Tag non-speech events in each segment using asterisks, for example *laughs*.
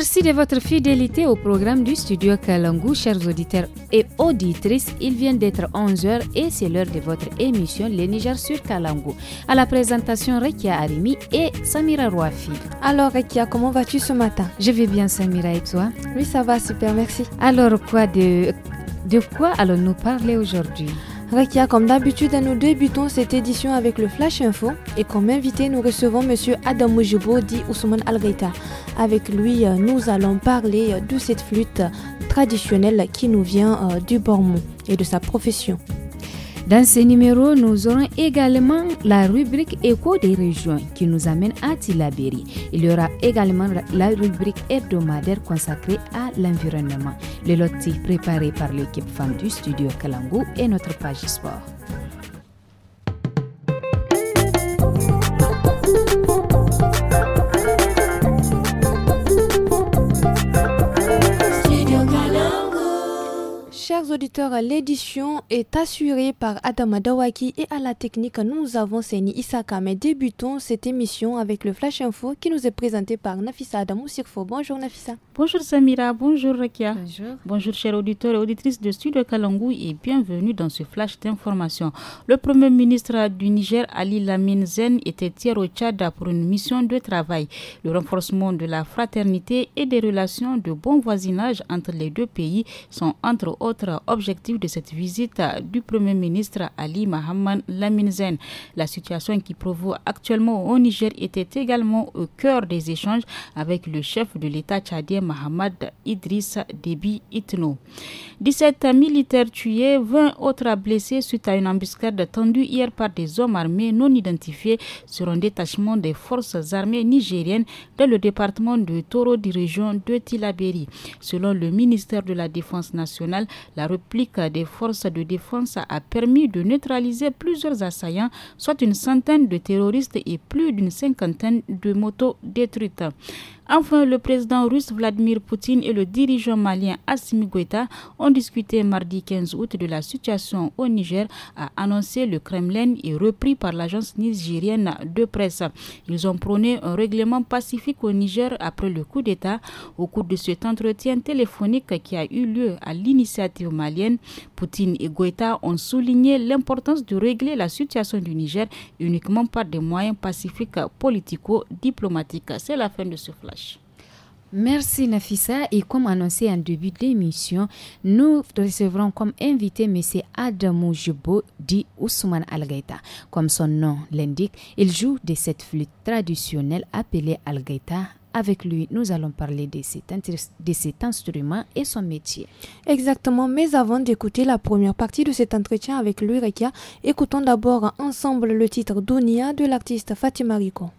Merci de votre fidélité au programme du studio Kalangu, chers auditeurs et auditrices. Il vient d'être 11h et c'est l'heure de votre émission Les Niger sur Kalangu. À la présentation, Rekia Arimi et Samira Rouafi. Alors, Rekia, comment vas-tu ce matin Je vais bien, Samira, et toi Oui, ça va, super, merci. Alors, quoi de quoi allons-nous parler aujourd'hui Rekia, comme d'habitude, nous débutons cette édition avec le Flash Info et comme invité, nous recevons M. Adam Mujibo dit Ousmane al Avec lui, euh, nous allons parler euh, de cette flûte traditionnelle qui nous vient euh, du Bormont et de sa profession. Dans ce numéro, nous aurons également la rubrique Écho des régions qui nous amène à Tilaberi. Il y aura également la rubrique hebdomadaire consacrée à l'environnement, le loti préparé par l'équipe femme du studio Kalangu et notre page sport. chers auditeurs, l'édition est assurée par Adama Dawaki et à la technique, nous avons Seni Isaka. Mais débutons cette émission avec le Flash Info qui nous est présenté par Nafisa Adamou Sirfo. Bonjour Nafisa. Bonjour Samira, bonjour Rakia. Bonjour. Bonjour chers auditeurs et auditrices de Studio Kalangou et bienvenue dans ce flash d'information. Le Premier ministre du Niger, Ali Lamine Zen, était hier au Tchad pour une mission de travail. Le renforcement de la fraternité et des relations de bon voisinage entre les deux pays sont entre autres objectif de cette visite du Premier ministre Ali Mohamed Laminzen. La situation qui provoque actuellement au Niger était également au cœur des échanges avec le chef de l'État tchadien Mohamed Idriss Déby Itno. 17 militaires tués, 20 autres blessés suite à une embuscade tendue hier par des hommes armés non identifiés sur un détachement des forces armées nigériennes dans le département de Toro, dirigeant de Tilaberi. Selon le ministère de la Défense nationale, la réplique des forces de défense a permis de neutraliser plusieurs assaillants, soit une centaine de terroristes et plus d'une cinquantaine de motos détruites. Enfin, le président russe Vladimir Poutine et le dirigeant malien Assimi Goïta ont discuté mardi 15 août de la situation au Niger, a annoncé le Kremlin et repris par l'agence nigérienne de presse. Ils ont prôné un règlement pacifique au Niger après le coup d'État. Au cours de cet entretien téléphonique qui a eu lieu à l'initiative malienne, Poutine et Goïta ont souligné l'importance de régler la situation du Niger uniquement par des moyens pacifiques politico-diplomatiques. C'est la fin de ce flash. Merci Nafisa. et comme annoncé en début d'émission, nous recevrons comme invité M. Adamou Jubo dit Ousmane al Comme son nom l'indique, il joue de cette flûte traditionnelle appelée al Avec lui, nous allons parler de cet, instrument et son métier. Exactement, mais avant d'écouter la première partie de cet entretien avec lui, Rekia, écoutons d'abord ensemble le titre Dunia de l'artiste Fatima Rico.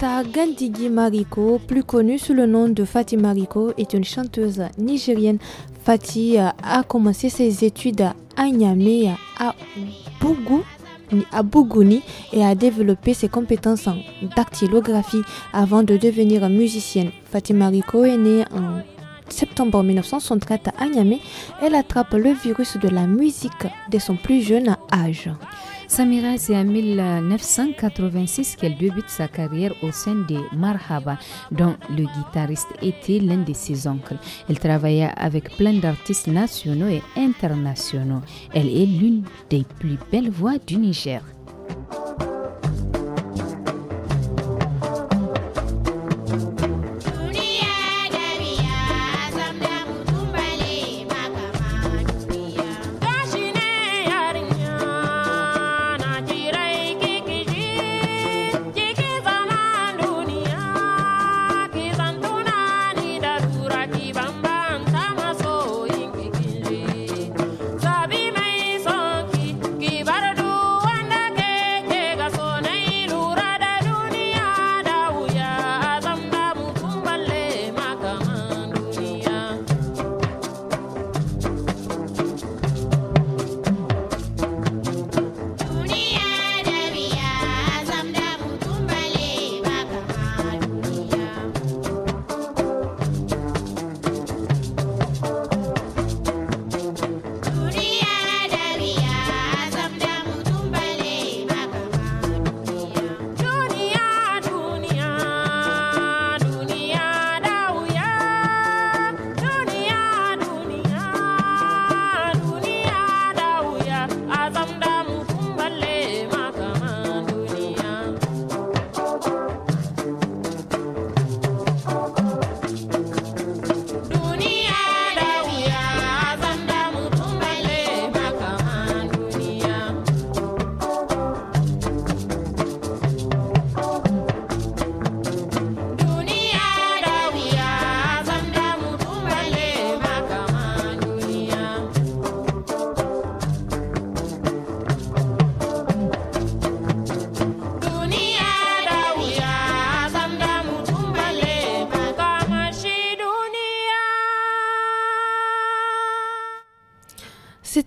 Fata Gandigi Mariko, plus connue sous le nom de Fatih Mariko, est une chanteuse nigérienne. Fati a commencé ses études à Niamey, à Bougou, à Bougouni et a développé ses compétences en dactylographie avant de devenir musicienne. Fatima Mariko est née en septembre 1963 à Niamey. Elle attrape le virus de la musique dès son plus jeune âge. Samira, c'est en 1986 qu'elle débute sa carrière au sein des Marhaba, dont le guitariste était l'un de ses oncles. Elle travailla avec plein d'artistes nationaux et internationaux. Elle est l'une des plus belles voix du Niger.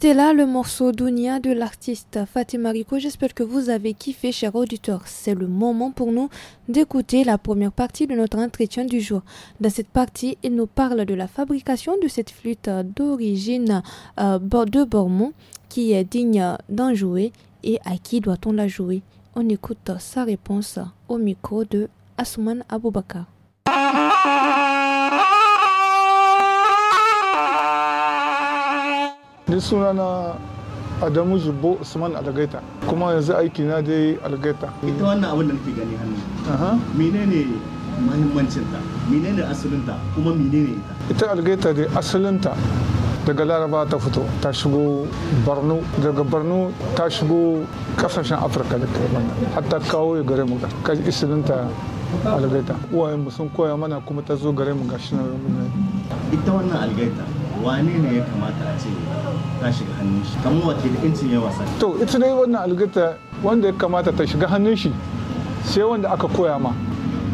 C'est là le morceau d'unia de l'artiste Fatima Rico. J'espère que vous avez kiffé, chers auditeurs. C'est le moment pour nous d'écouter la première partie de notre entretien du jour. Dans cette partie, il nous parle de la fabrication de cette flûte d'origine euh, de Bormont qui est digne d'en jouer et à qui doit-on la jouer On écoute sa réponse au micro de Asuman Aboubakar. Ni sunana Adamu Zubo, Usman Algaita kuma yanzu aiki na dai Algaita. Ita wannan abin da nake gani hannu. Menene mahimmancin ta? Menene asalinta kuma menene ita? Ita Algaita dai asalinta daga laraba ta fito ta shigo borno daga borno ta shigo kasashen afirka da kai hatta kawo ya gare mu Ka isilinta algaita uwayenmu sun koya mana kuma ta zo gare mu gashi na ita wannan algaita wane ne ya kamata a ce ta shiga hannun shi kamar wace da incin ya wasa to ita dai wannan algata wanda ya kamata ta shiga hannun shi sai wanda aka koya ma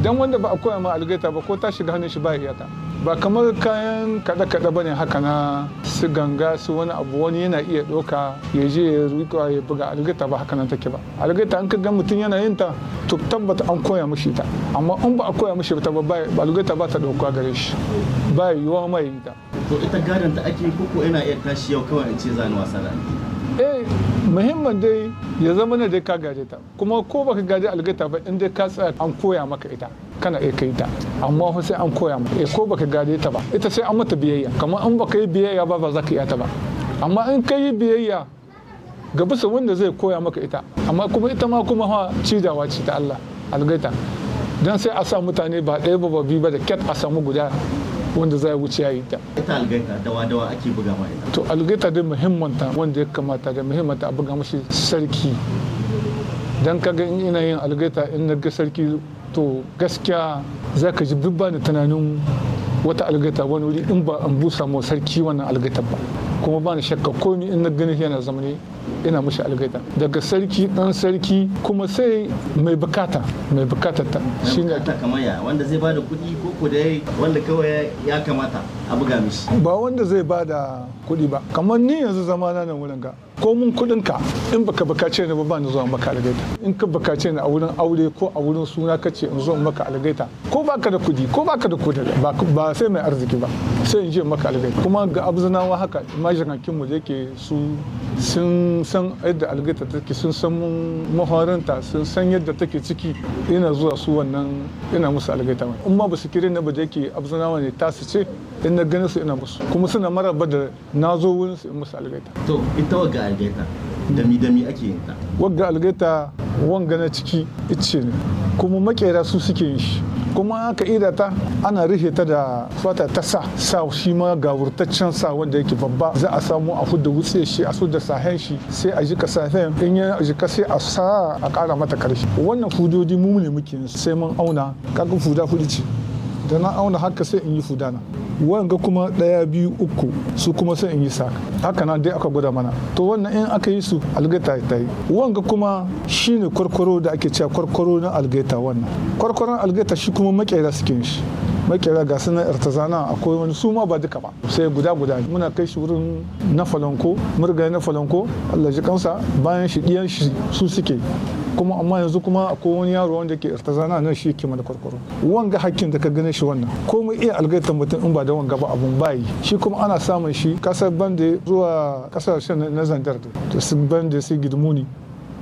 dan wanda ba a koya ma algata ba ko ta shiga hannun shi ba ya ta ba kamar kayan kada kada ba ne haka na su ganga su wani abu wani yana iya doka ya je ya rikowa ya buga algata ba haka nan take ba algata an ga mutum yana yin ta to tabbata an koya mishi ta amma in ba a koya mishi ta ba algata ba ta ɗauka gare shi ba yiwuwa mai yi ta to ita gadon ta ake koko yana iya tashi yau kawai in ce zani wasa da eh muhimman dai ya zama na dai ka gaje ta kuma ko baka gaje algaita ba in dai ka tsaya an koya maka ita kana iya kai ta amma fa sai an koya maka eh ko baka gaje ta ba ita sai an mata biyayya kamar in baka yi biyayya ba ba za ka iya ta ba amma in ka yi biyayya ga bisa wanda zai koya maka ita amma kuma ita ma kuma ha cijawa ce ta Allah algaita dan sai a sa mutane ba ɗaya ba ba biyu ba da ket a samu guda wanda za a wuce ya yi ta. Ita algaita dawa dawa ake buga ma ita. To algaita dai ta wanda ya kamata da ta a buga mashi sarki. Dan kaga in ina yin algaita in na ga sarki to gaskiya za ka ji dubba da tunanin wata algaita wani wuri in ba an busa ma sarki wannan algaita ba. Kuma ba ni shakka komi in na gani yana zamani ina mashi algaida daga sarki dan sarki kuma sai mai bukata mai bukata ta shine kamar ya wanda zai bada kuɗi ko kudai wanda kawai ya kamata a buga mishi ba wanda zai bada kuɗi ba kamar ni yanzu zamana nan wurin ga ko mun kuɗin ka in baka bukace ni ba ba ni zuwa maka algaita in ka bukace ni a wurin aure ko a wurin suna kace in zo maka algaita ko baka da kuɗi ko baka da kuɗi ba sai mai arziki ba sai in je maka algaita kuma ga abzanawa haka majinakin mu yake su sun san yadda algaita take sun san ta sun san yadda take ciki ina zuwa su wannan ina musu algaita in ma ba su kire ne ba da yake abzanawa ne tasu ce in na ganin su ina musu kuma suna maraba da na wurin su in musu algaita to ita wagga algaita dami dami ake yin ta wagga algaita wanga na ciki ice ne kuma makera su suke yin shi kuma aka ida ta ana rufe ta da fata ta sa sa shi ma gawurtaccen sa wanda yake babba za a samu a hudu wutse shi a da sahen shi sai a jika sahen in ya jika sai a sa a kara mata karshe wannan fudodi mu ne muke sai mun auna kaga fuda fudi ce da na auna haka sai in yi fudana wanga kuma ɗaya biyu uku su kuma sai in yi sa haka nan dai aka gwada mana to wannan in aka yi su algaita ta yi wanga kuma shine kwarkwaro da ake cewa kwarkwaro na algaita wannan kwarkwaron algaita shi kuma makera suke shi makera ga sunan artizana akwai wani su ma ba duka ba sai guda guda muna kai shi wurin na falonko murga na falanko Allah ji kansa bayan shi diyan shi su suke kuma amma yanzu kuma akwai wani yaro wanda ke artizana nan shi ke mana kwarkwaro wanga hakkin da ka gane shi wannan Ko mu iya algaitar mutum in ba da wanga ba abun bayi shi kuma ana samun shi kasar bande zuwa kasashen na zandar da su bande su gidmuni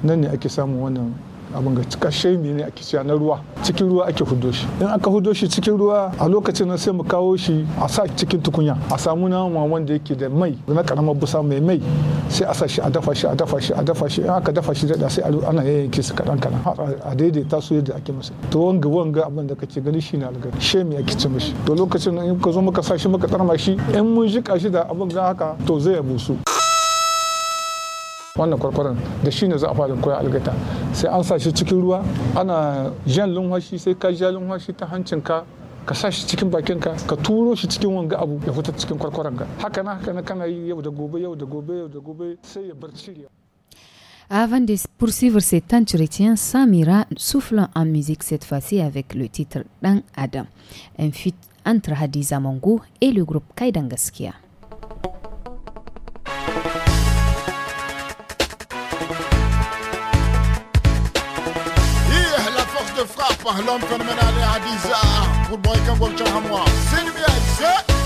nan ne ake samun wannan abin ga kashe ne ne a kiciya na ruwa cikin ruwa ake hudo shi in aka hudo shi cikin ruwa a lokacin nan sai mu kawo shi a sa cikin tukunya a samu nama wanda yake da mai na karamar busa mai mai sai a sa shi a dafa shi a dafa shi a dafa shi in aka dafa shi da sai ana yayyanke su kadan kadan a daidaita su yadda ake musu to wanga wanga abin da kace gani shi na alga she me ake ci mishi to lokacin in ka zo muka sa shi muka tsarma shi in mun jika shi da abin ga haka to zai busu. wannan kwarkwaron da shi ne za a fara koya algata sai an sa shi cikin ruwa ana jan lumhashi sai ka ja lumhashi ta hancinka ka sa shi cikin bakinka ka turo shi cikin wanga abu ya fita cikin kwarkwaron ga haka na haka na kana yi yau da gobe yau da gobe yau da gobe sai ya bar cirewa Avant de poursuivre cet entretien, Samira souffle en musique cette fois-ci avec le titre Dan Adam, un feat entre Hadiza Mongo et le groupe Kaidangaskia. فهلون فنمنالي عديزة والباي كان بوكشان حموا سينمي أجزاء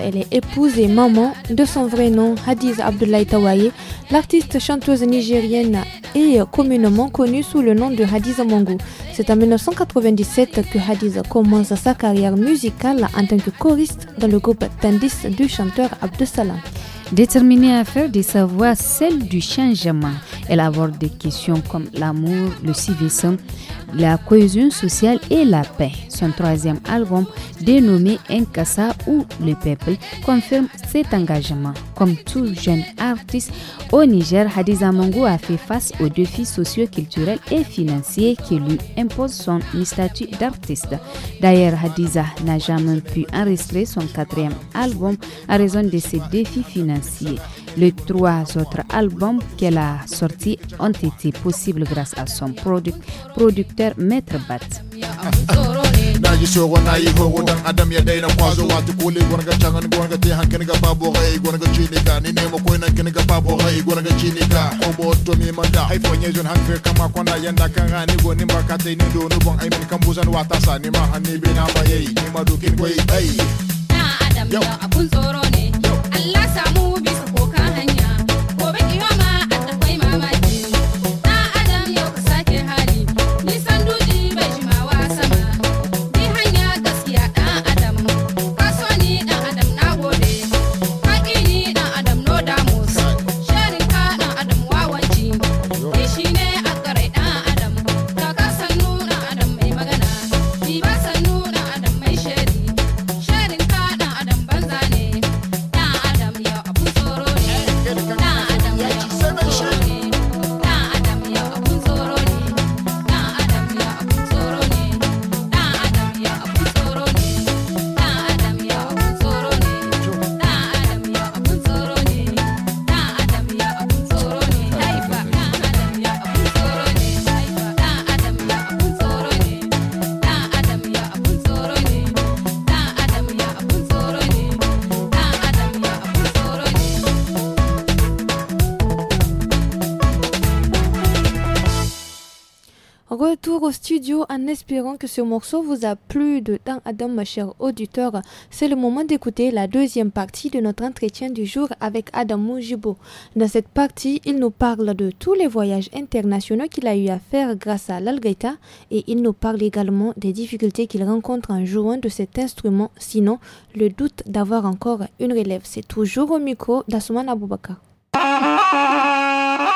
elle est épouse et maman de son vrai nom, Hadiz Abdoulaye Tawaye. L'artiste chanteuse nigérienne est communément connue sous le nom de Hadiz Mongo. C'est en 1997 que Hadiz commence sa carrière musicale en tant que choriste dans le groupe Tandis du chanteur Abdussalam. Déterminée à faire de sa voix celle du changement, elle aborde des questions comme l'amour, le civisme, la cohésion sociale et la paix. Son troisième album, dénommé Nkassa ou le peuple, confirme cet engagement. Comme tout jeune artiste au Niger, Hadiza Mongo a fait face aux défis socio-culturels et financiers qui lui imposent son statut d'artiste. D'ailleurs, Hadiza n'a jamais pu enregistrer son quatrième album à raison de ses défis financiers. Les trois autres albums qu'elle a sortis ont été possibles grâce à son producteur Maître Bat. en espérant que ce morceau vous a plu de temps Adam ma chère auditeur. C'est le moment d'écouter la deuxième partie de notre entretien du jour avec Adam Moujibo. Dans cette partie, il nous parle de tous les voyages internationaux qu'il a eu à faire grâce à l'algaïta et il nous parle également des difficultés qu'il rencontre en jouant de cet instrument, sinon le doute d'avoir encore une relève. C'est toujours au micro d'Asuman Aboubakar. *laughs*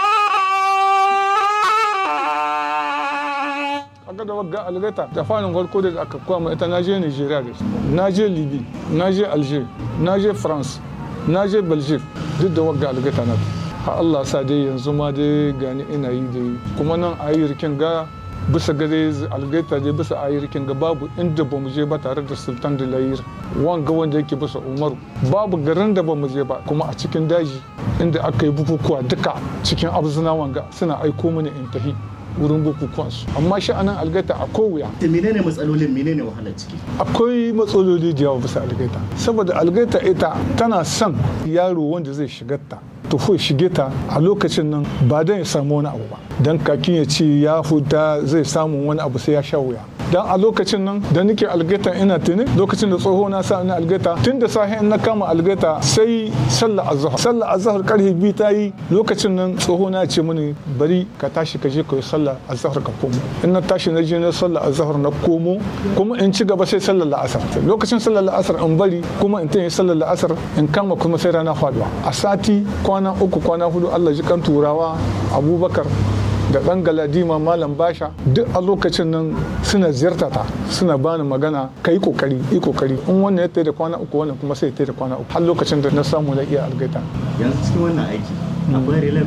tare da wagga algaita ta fanin farko da aka kwama ita na je nigeria da shi na je libi na je alger na je france na je belgium duk da wagga algaita na ha allah sa dai yanzu ma dai gani ina yi dai kuma nan a yi ga bisa ga dai algaita dai bisa a yi ga babu inda ba mu je ba tare da sultan da layir wanga wanda yake bisa umaru babu garin da ba mu je ba kuma a cikin daji inda aka yi bukukuwa duka cikin abzina wanga suna aiko mini in tafi wurin bukukuwan su amma sha'anin algaita a kowuya da menene matsalolin menene wahala ciki akwai matsaloli da yawa bisa algaita saboda algaita ita tana son yaro wanda zai shiga ta to shige ta a lokacin nan ba dan ya samu wani abu ba Dan kakin ya ce ya huta zai samu wani abu sai ya sha wuya dan a lokacin nan da nake algaita ina tuni lokacin da tsoho na sa ina algaita tun da sahi in na kama algaita sai sallah azhar sallah azhar karfe bi ta yi lokacin nan tsoho na ce mini bari ka tashi ka je ka yi sallah azhar ka komo in na tashi na je na sallah azhar na komo kuma in ci gaba sai sallah la'asar lokacin sallah la'asar in bari kuma in tayi sallar la'asar in kama kuma sai rana faduwa a sati kwana uku kwana hudu Allah ji kan turawa Abubakar da ɗan galadima malam basha duk a lokacin nan suna ziyarta ta suna bani magana ka yi kokari yi kokari in wannan ya da kwana uku wannan kuma sai ya da kwana uku har lokacin da na samu na iya algaita yanzu cikin wannan aiki akwai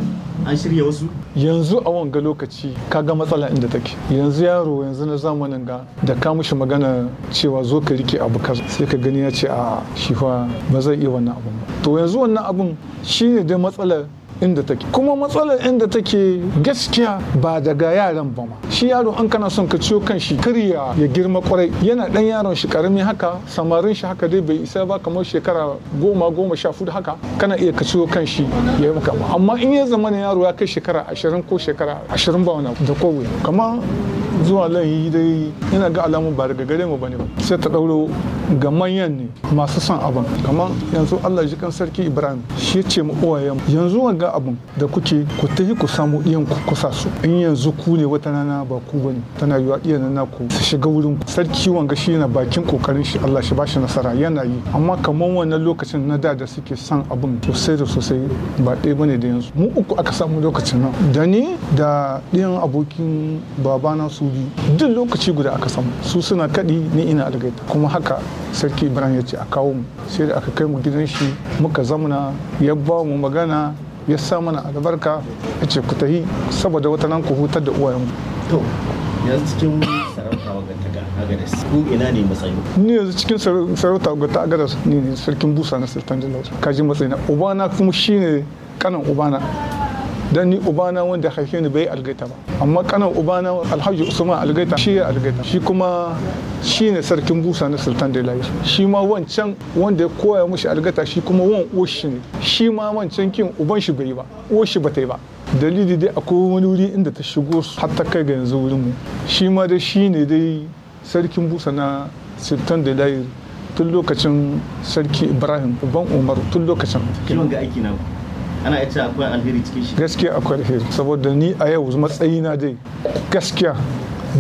an shirya wasu yanzu a wanga lokaci ka ga matsala inda take yanzu yaro yanzu na zamanin ga da ka mushi magana cewa zo ka rike abu kaza sai ka gani ya ce a shi fa ba zai iya wannan abun ba to yanzu wannan abun shine dai matsalar inda take kuma matsalar inda take gaskiya ba daga yaran ba shi yaro an kana son ka ciyo kan shi kariya ya girma kwarai yana dan yaron shi karami haka samarin shi haka dai bai isa ba kamar shekara goma goma sha fudu haka kana iya ka ciyo kan shi ya maka amma in ya zama yaro ya kai shekara ashirin ko shekara ashirin ba wani da kowai kamar zuwa laihi dai yana ga alamun ba daga gare mu bane ba sai ta ɗauro ga manyan ne masu son abin kamar yanzu Allah ji kan sarki Ibrahim shi ya ce mu uwayen yanzu ga abin da kuke ku tafi ku samu iyan ku kusa su in yanzu ku ne wata rana ba ku bane tana yiwa iyan nana ku su shiga wurin ku sarki wanga shi yana bakin kokarin shi Allah shi bashi nasara yana yi amma kamar wannan lokacin na da da suke son abin sosai da sosai ba ɗaya bane da yanzu mu uku aka samu lokacin nan da ni da ɗiyan abokin babana su kaɗi duk lokaci guda aka samu su suna kaɗi ni ina algaita kuma haka sarki ibrahim ya ce a kawo mu sai da aka kai mu gidan shi muka zamana ya ba mu magana ya sa mana albarka ya ce ku tahi saboda wata nan ku hutar da uwayenmu to yanzu cikin sarauta ga ina ne matsayi ni yanzu cikin sarauta ga ta agadas ne sarkin busa na sultan jalal kaji matsayi na ubana kuma shine kanan ubana dan ni ubana wanda haife ni bai algaita ba amma kanan ubana alhaji usman algaita shi ya algaita shi kuma shi ne sarkin busa na sultan da layi shi ma wancan wanda ya koya mushi algaita shi kuma wan oshi ne shi ma wancan kin uban shi bai ba oshi ba ta yi ba dalili dai akwai wani wuri inda ta shigo har ta kai ga yanzu wurin mu shi ma dai shi ne dai sarkin busa na sultan da layi tun lokacin sarki ibrahim uban umar tun lokacin kiwon ga aiki na ana ita akwai alheri cikin shi gaskiya akwai alheri saboda ni a yau matsayina dai gaskiya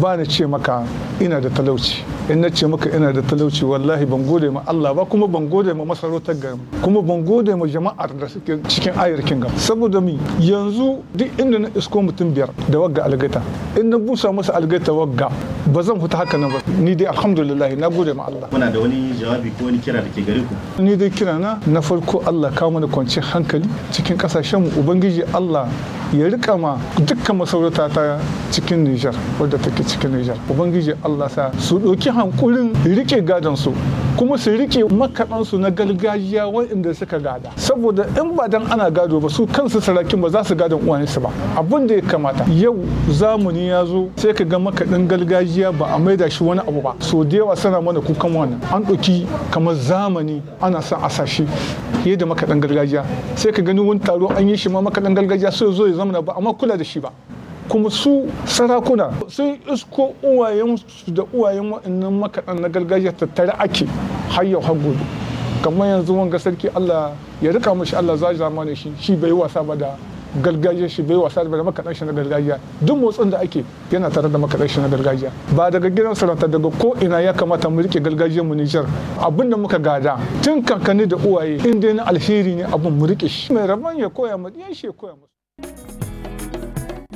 ba na ce maka ina da talauci in na ce maka ina da talauci wallahi ban gode ma Allah ba kuma ban gode ma masarautar garin kuma ban gode ma jama'ar da suke cikin ayar kinga saboda mi yanzu duk inda na isko mutum biyar da wagga algaita in na busa masa algata wagga ba zan fita haka nan ba ni dai alhamdulillah na gode ma Allah muna da wani jawabi ko wani kira da ke gare ku ni dai kira na na farko Allah ka mana kwanciyar hankali cikin kasashen mu ubangiji Allah ya rika ma dukkan masaurata ta cikin Nijar wadda take cikin Nijar ubangiji Allah sa su ɗauki hankulin rike gadon su kuma su rike makaɗansu na gargajiya waɗanda suka gada saboda in ba dan ana gado ba su kansu sarakin ba za su gadon uwansu ba abin da ya kamata yau zamani ya zo sai ka ga makaɗin gargajiya jiya ba a maida shi wani abu ba so da yawa sana mana kukan wannan an ɗauki kamar zamani ana son a sashi fiye da makaɗan gargajiya sai ka gani wani taro an yi shi ma makaɗan gargajiya sai zo ya zama ba amma kula da shi ba kuma su sarakuna sun isko uwayen da uwayen waɗannan makaɗan na gargajiya tattare ake har yau har gobe kamar yanzu wanga sarki Allah ya rika mashi Allah za zama da shi shi bai wasa ba da gargajiyar shi bai wasa da makaɗan shi na gargajiya duk motsin da ake yana tare da makaɗan shi na gargajiya ba daga gidan sarauta daga ko ina ya kamata mu rike gargajiyar mu Nijar abin da muka gada tun kankani da uwaye in dai na alheri ne abin mu rike shi mai rabon ya koya mu ya koya mu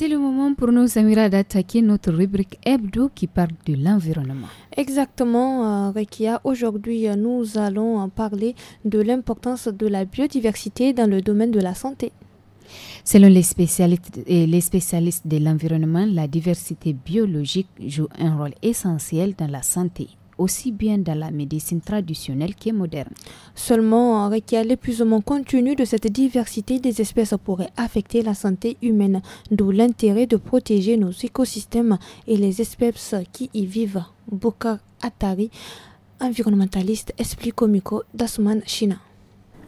C'est le moment pour nous, Samira, d'attaquer notre rubrique hebdo qui parle de l'environnement. Exactement, euh, Rekia. Aujourd'hui, euh, nous allons euh, parler de l'importance de la biodiversité dans le domaine de la santé. Selon et les spécialistes de l'environnement, la diversité biologique joue un rôle essentiel dans la santé aussi bien dans la médecine traditionnelle que moderne. Seulement, ou l'épuisement continu de cette diversité des espèces pourrait affecter la santé humaine, d'où l'intérêt de protéger nos écosystèmes et les espèces qui y vivent. Bokar Atari, environnementaliste, explique au d'Asman China.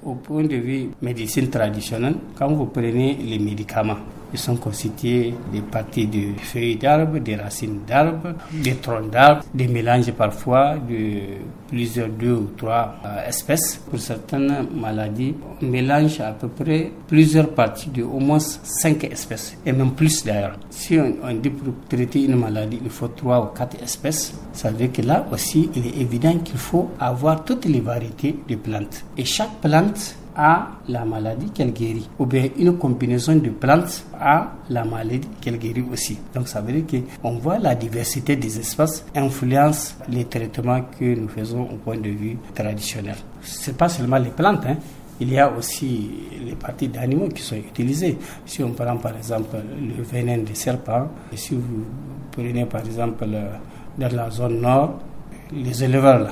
Au point de vue médecine traditionnelle, quand vous prenez les médicaments, ils sont constitués des parties de feuilles d'arbres, des racines d'arbres, des troncs d'arbres, des mélanges parfois de plusieurs deux ou trois euh, espèces. Pour certaines maladies, on mélange à peu près plusieurs parties de au moins cinq espèces, et même plus d'ailleurs. Si on, on, dit pour traiter une maladie, il faut trois ou quatre espèces, ça veut dire que là aussi, il est évident qu'il faut avoir toutes les variétés de plantes. Et chaque plante à la maladie qu'elle guérit, ou bien une combinaison de plantes à la maladie qu'elle guérit aussi. Donc ça veut dire qu'on voit la diversité des espaces influence les traitements que nous faisons au point de vue traditionnel. Ce n'est pas seulement les plantes, hein. il y a aussi les parties d'animaux qui sont utilisées. Si on prend par exemple le venin des serpents, si vous prenez par exemple euh, dans la zone nord, les éleveurs là,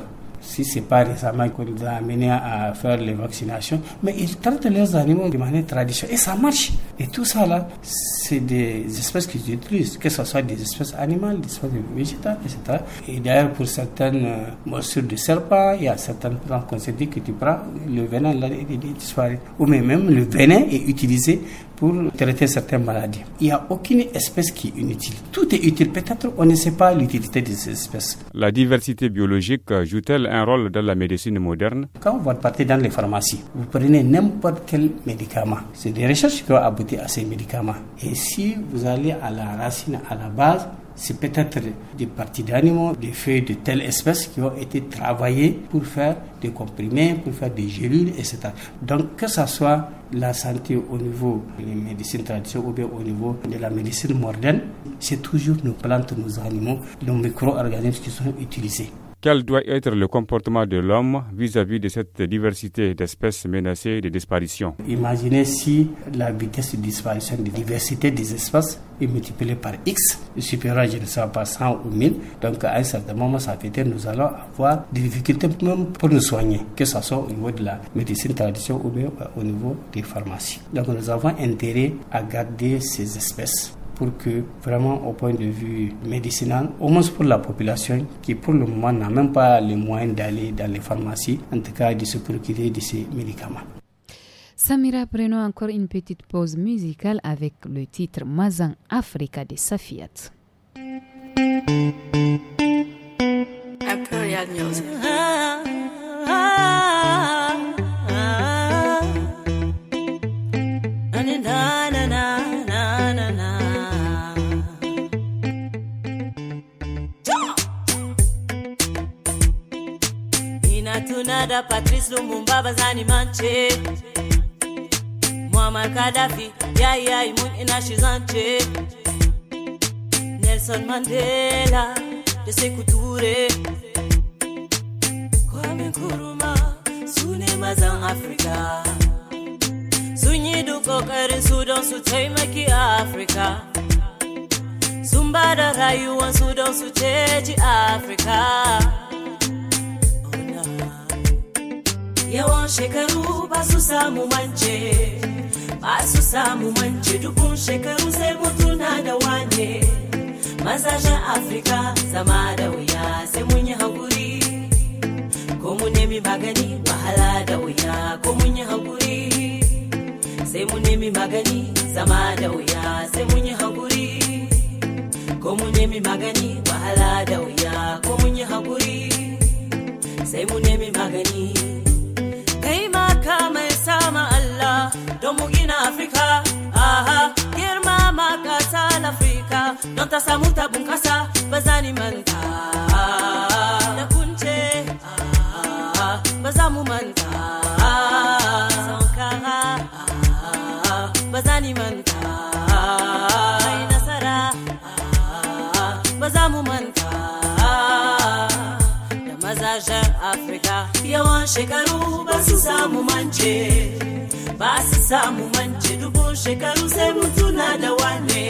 si ce n'est pas récemment qu'on les a amenés à faire les vaccinations, mais ils traitent leurs animaux de manière traditionnelle et ça marche. Et tout ça là, c'est des espèces qu'ils utilisent, que ce soit des espèces animales, des espèces végétales, etc. Et d'ailleurs, pour certaines euh, morsures de serpent, il y a certaines plantes qu'on s'est dit que tu prends, le venin là, il disparaît. Ou même le venin est utilisé pour traiter certaines maladies. Il n'y a aucune espèce qui est inutile. Tout est utile. Peut-être on ne sait pas l'utilité de ces espèces. La diversité biologique joue-t-elle un rôle dans la médecine moderne Quand vous partez dans les pharmacies, vous prenez n'importe quel médicament. C'est des recherches qui ont abouti à ces médicaments. Et si vous allez à la racine, à la base, c'est peut-être des parties d'animaux, des feuilles de telle espèce qui ont été travaillées pour faire des comprimés, pour faire des gélules, etc. Donc que ce soit la santé au niveau des médecines traditionnelles ou bien au niveau de la médecine moderne, c'est toujours nos plantes, nos animaux, nos micro-organismes qui sont utilisés. Quel doit être le comportement de l'homme vis-à-vis de cette diversité d'espèces menacées de disparition Imaginez si la vitesse de disparition de diversité des espèces est multipliée par X, supérieure à, ne sais pas, 100 ou 1000. Donc, à un certain moment, ça fait que nous allons avoir des difficultés même pour nous soigner, que ce soit au niveau de la médecine traditionnelle ou au niveau des pharmacies. Donc, nous avons intérêt à garder ces espèces pour que vraiment au point de vue médicinal, au moins pour la population qui pour le moment n'a même pas les moyens d'aller dans les pharmacies, en tout cas de se procurer de ces médicaments. Samira, prenons encore une petite pause musicale avec le titre Mazan Africa de Safiat. Kabila, Patrice Lumumba, Bazani Manche. Muammar Gaddafi, Yahya Imun Inashi Nelson Mandela, de Sekou Touré. Kwame Nkrumah, su ne mazan Africa, Sun yi duk ƙoƙarin su Africa, su taimaki Afirka. Sun ba da yawan shekaru ba su samu mance ba su samu mance dukun shekaru sai mutuna da wane mazajen afirka zama da wuya sai mun yi hankuri ko mu nemi magani wahala da wuya ko mun yi hankuri sai mu nemi magani zama da wuya sai mun yi hankuri ko mu nemi magani wahala da wuya ko mun yi hankuri sai mu nemi magani bauta mai sama Allah don mu gina Afrika aha girma ma kasa Afrika don ta samu ta bunkasa ba za manta yawan shekaru ba su samu mance ba su samu mance dubu shekaru sai mun tuna da wane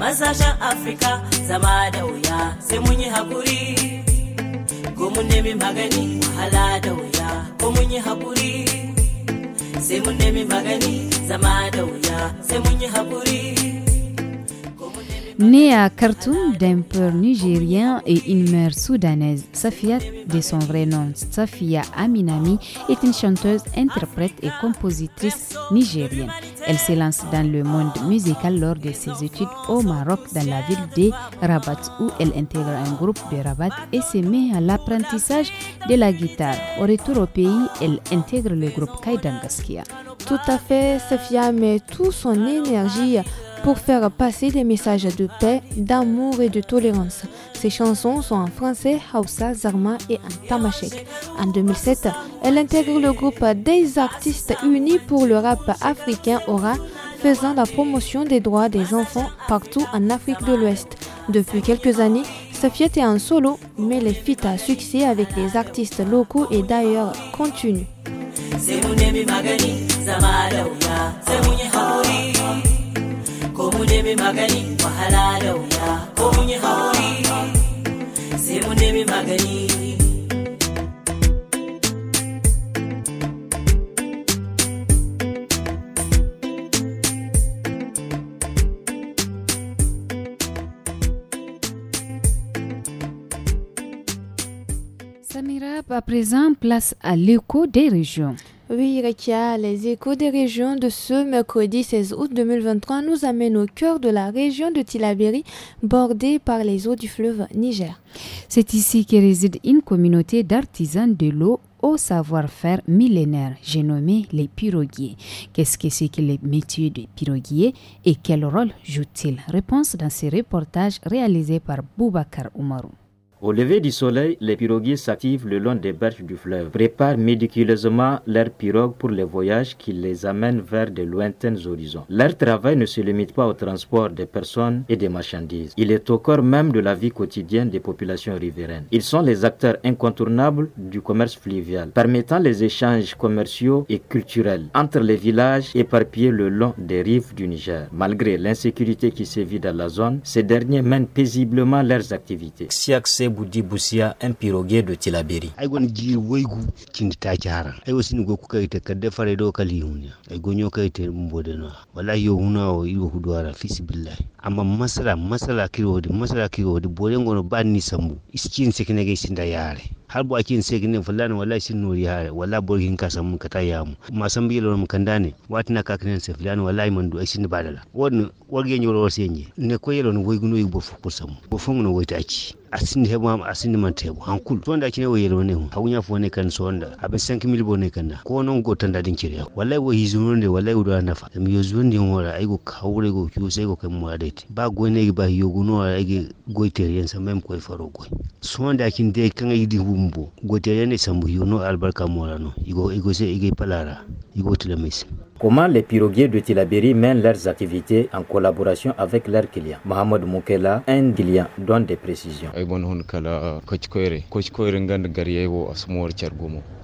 masashen afirka zama da wuya sai mun yi hakuri ko mun nemi magani wahala da wuya ko mun yi hakuri sai mun nemi magani zama da wuya sai mun yi Née à Khartoum d'un père nigérien et une mère soudanaise, Safia, de son vrai nom Safia Aminami, est une chanteuse, interprète et compositrice nigérienne. Elle se lance dans le monde musical lors de ses études au Maroc dans la ville de Rabat où elle intègre un groupe de Rabat et se met à l'apprentissage de la guitare. Au retour au pays, elle intègre le groupe Kaidangaskia. Tout à fait, Safia met toute son énergie pour faire passer des messages de paix, d'amour et de tolérance. Ses chansons sont en français, Hausa, Zarma et en tamashek. En 2007, elle intègre le groupe des artistes unis pour le rap africain Aura, faisant la promotion des droits des enfants partout en Afrique de l'Ouest. Depuis quelques années, Sophie est en solo, mais les feats à succès avec les artistes locaux et d'ailleurs continuent. Comme mu nemi magani wahala da wuya hauri sai mu nemi magani à présent, place à l'écho des régions. Oui, Rekia, les échos des régions de ce mercredi 16 août 2023 nous amènent au cœur de la région de Tilaberi, bordée par les eaux du fleuve Niger. C'est ici que réside une communauté d'artisans de l'eau au savoir-faire millénaire, j'ai nommé les piroguiers. Qu'est-ce que c'est que les métiers des piroguiers et quel rôle joue-t-il Réponse dans ce reportage réalisé par Boubacar Oumarou. Au lever du soleil, les piroguiers s'activent le long des berges du fleuve, préparent médiculeusement leurs pirogues pour les voyages qui les amènent vers de lointains horizons. Leur travail ne se limite pas au transport des personnes et des marchandises. Il est au corps même de la vie quotidienne des populations riveraines. Ils sont les acteurs incontournables du commerce fluvial, permettant les échanges commerciaux et culturels entre les villages éparpillés le long des rives du Niger. Malgré l'insécurité qui sévit dans la zone, ces derniers mènent paisiblement leurs activités. Si accès sai budi busiya yan piroge do tilaberi ai gon ji waygu kin ta kyara ai wasu ni go ku kai ta kadda fare do kali hunya ai gonyo kai ta mbo bode na wallahi yo huna o iwo hudwara fisi billahi amma masala masala kiro di masala kiro di bolen gono banni sambu iskin sekine ga sin da yare har bu akin sai ginin fulani wallahi sin nuri hare wallahi borgin ka san mun ka ta yamu ma san bi lo mun kanda ne wati na kinin sai fulani wallahi man do sin badala wani wargen yoro sai ne ne ko yelo no wai guno yi bo fu kusamu bo fu mun wai taki asin hebu asin man tebu hankul sonda kine wo yelwane hu hawunya fo ne kan sonda abe 5000 bo ne kan ko non go tanda din kire wallahi wo hizunde wallahi wo nafa mi yozunde wala ay go kawre go kyuse go kan muadete ba go ne ba yoguno ay go teriyen sa mem ko faro go sonda kin de kan ay di humbo go teriyen sa mu yono albarka morano igo igo se ige palara igo tilamis Comment les piroguiers de Tilabéri mènent leurs activités en collaboration avec leurs clients Mohamed Moukela, un client, donne des précisions.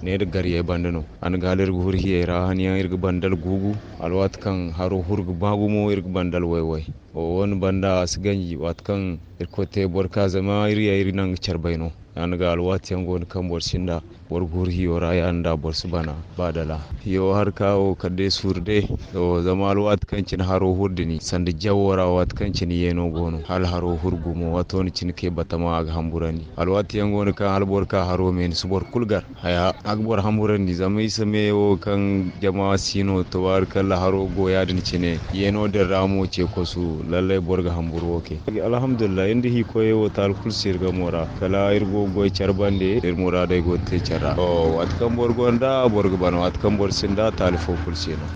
ne da gari ya banda no an galir guhur hiye ra haniya irga bandal gugu alwat kan haro hurg bagumo irg bandal waiwai o won banda asganji wat kan irkote borka zama iriya iri nan charbaino an ga alwat yango kan borsinda worgur hiyora yanda borsu bana badala yo har o kadde surde o zamal wat kancin haro hurdini sand jawora wat kancin yeno gono hal haro hurgumo watoni cin ke batama ag hamburani al wat yangon ka hal bor ka haro men subor kulgar haya ag bor hamburani zamai same o kan jama sino tawar kala haro go yadin cine yeno der ramo ce kosu lalle bor borga hamburo ke alhamdulillah indi hi koyewo tal kulsir ga mora kala irgo go charbande ir mora go te Oh,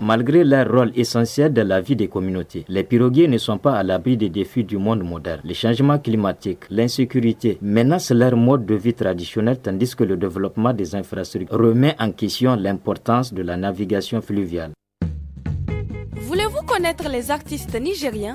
Malgré leur rôle essentiel dans la vie des communautés, les piroguiers ne sont pas à l'abri des défis du monde moderne. Les changements climatiques, l'insécurité menacent leur mode de vie traditionnel tandis que le développement des infrastructures remet en question l'importance de la navigation fluviale. Voulez-vous connaître les artistes nigériens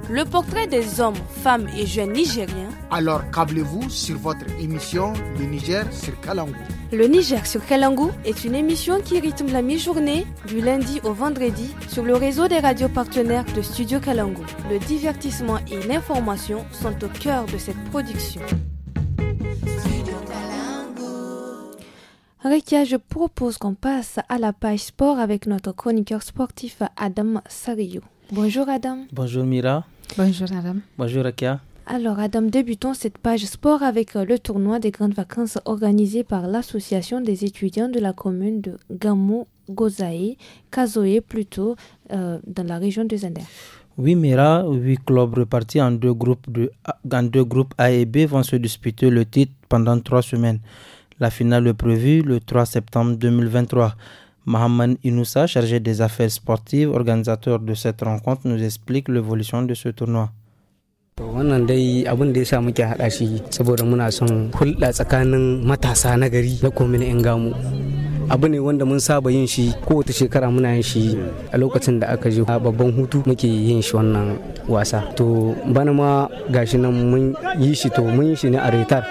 le portrait des hommes, femmes et jeunes nigériens. Alors câblez-vous sur votre émission Le Niger sur Kalangou. Le Niger sur Kalangou est une émission qui rythme la mi-journée du lundi au vendredi sur le réseau des radios partenaires de Studio Kalangou. Le divertissement et l'information sont au cœur de cette production. Rekia, je propose qu'on passe à la page sport avec notre chroniqueur sportif Adam Sariou. Bonjour Adam. Bonjour Mira. Bonjour Adam. Bonjour Akia. Alors Adam, débutons cette page sport avec euh, le tournoi des grandes vacances organisé par l'association des étudiants de la commune de Gamou Gozaï, Kazoé plutôt, euh, dans la région de Zender. Oui Mira, huit clubs repartis en deux, groupes de, en deux groupes A et B vont se disputer le titre pendant trois semaines. La finale est prévue le 3 septembre 2023. Mohamed Inoussa, chargé des affaires sportives, organisateur de cette rencontre, nous explique l'évolution de ce tournoi. abu ne wanda mun saba yin shi kowace shekara muna yin shi a lokacin da aka je babban hutu muke yin shi wannan wasa to bana ma gashi nan mun yi shi to mun yi shi ne a retar